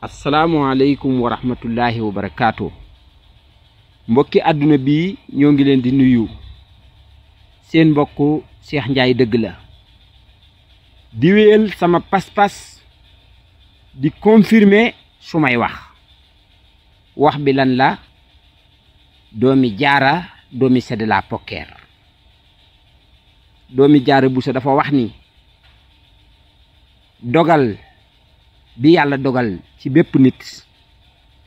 asalaamualeykum wa rahmatullahi wa barakaatu mbokki àdduna bi ñoo ngi leen di nuyu seen mbokk Cheikh Ndiaye dëgg la di sama pas-pas di confirmer su may wax wax bi lan la doomi jaara doomi Sedela Poker doomi jaara Bousso dafa wax ni dogal bi yàlla dogal ci bépp nit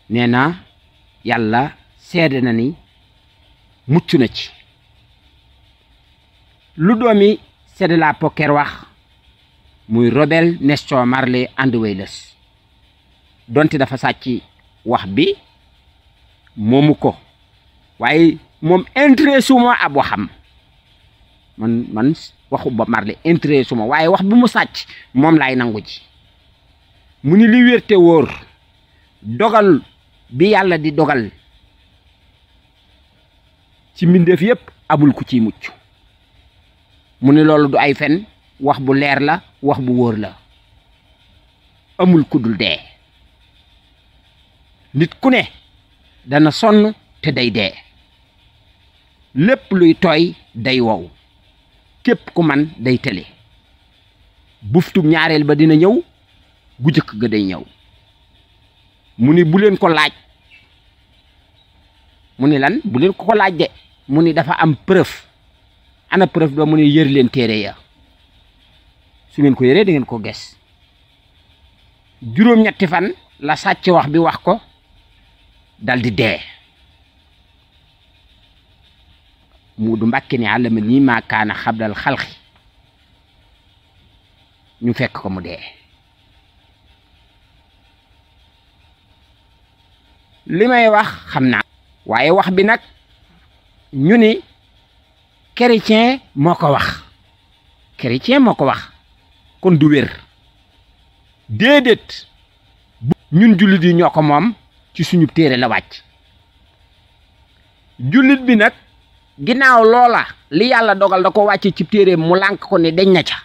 nee na yàlla sedd na ni mucc na ci lu doomi la Poker wax muy Robert Nestor marle and Wailers donte dafa sàcc wax bi moomu ko waaye moom intéressé ma ab waxam man man waxu ba marle intéressé ma waaye wax bi mu sàcc moom laay nangu ji mu ni li wérte wóor dogal bi yàlla di dogal ci mbindeef yépp amul ku ciy mucc mu ni loolu du ay fen wax bu leer la wax bu wóor la amul ku dul dee nit ku ne dana sonn te day dee lépp luy tooy day wow képp ku man day tële buftub ñaareel ba dina ñëw gu jëkk ga day ñëw mu ni bu leen ko laaj mu ni lan bu leen ko ko laaj de mu ni dafa am përëf ana preuve doo mu ni yër leen téere ya su ngeen ko yëree da ngeen ko ges juróom-ñetti fan la sàcc wax bi wax ko dal di dee mu du mbàkke ni àllama nii maakaana xabdal xalxi ñu fekk ko mu dee li may wax xam naa waaye wax bi nag ñu ni chrétien moo ko wax chrétien moo ko wax kon du wér déedéet ñun jullit yi ñoo ko moom ci suñu téere la wàcc jullit bi nag ginnaaw loola li yàlla dogal da ko wàcce ci téere mu lànk ko ni deñ na ca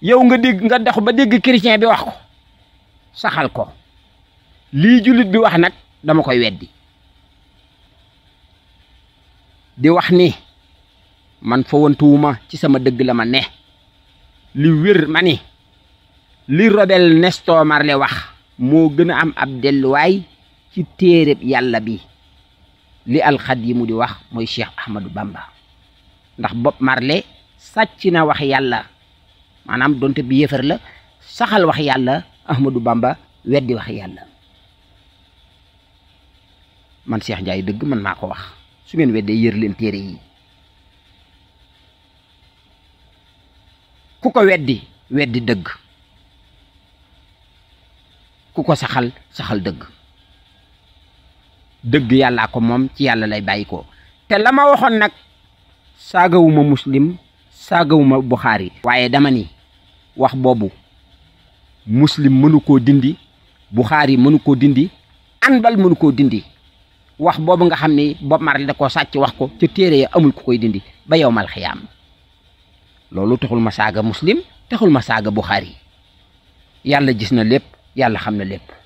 yow nga dégg nga dox ba dégg chrétien bi wax ko saxal ko lii jullit bi wax nag dama koy weddi di wax ni man fa wantuwuma ci sama dëgg la ma ne li wér ma ni li robel Nestor Marley wax moo gën a am ab delluwaay ci téere yàlla bi li mu di wax mooy Cheikh Ahmadou Bamba ndax Bob Marley sàcc na wax yàlla maanaam donte bi yëfar la saxal wax yàlla Ahmadou Bamba weddi wax yàlla man Cheikh Ndiaye dëgg man maa ko wax su ngeen weddee yër leen téere yi ku ko weddi weddi dëgg ku ko saxal saxal dëgg dëgg yàllaa ko moom ci yàlla lay bàyyi ko te la ma waxoon nag saagawuma muslim saagawuma buxaari waaye dama ni wax boobu muslim mënu koo dindi buxaari mënu koo dindi anbal mënu koo dindi wax boobu nga xam ni Bob Marley da koo sàcc wax ko ca téere ya amul ku koy dindi ba yow mal xiyaam loolu taxul ma saaga muslim taxul ma saaga buxaari yàlla gis na lépp yàlla xam na lépp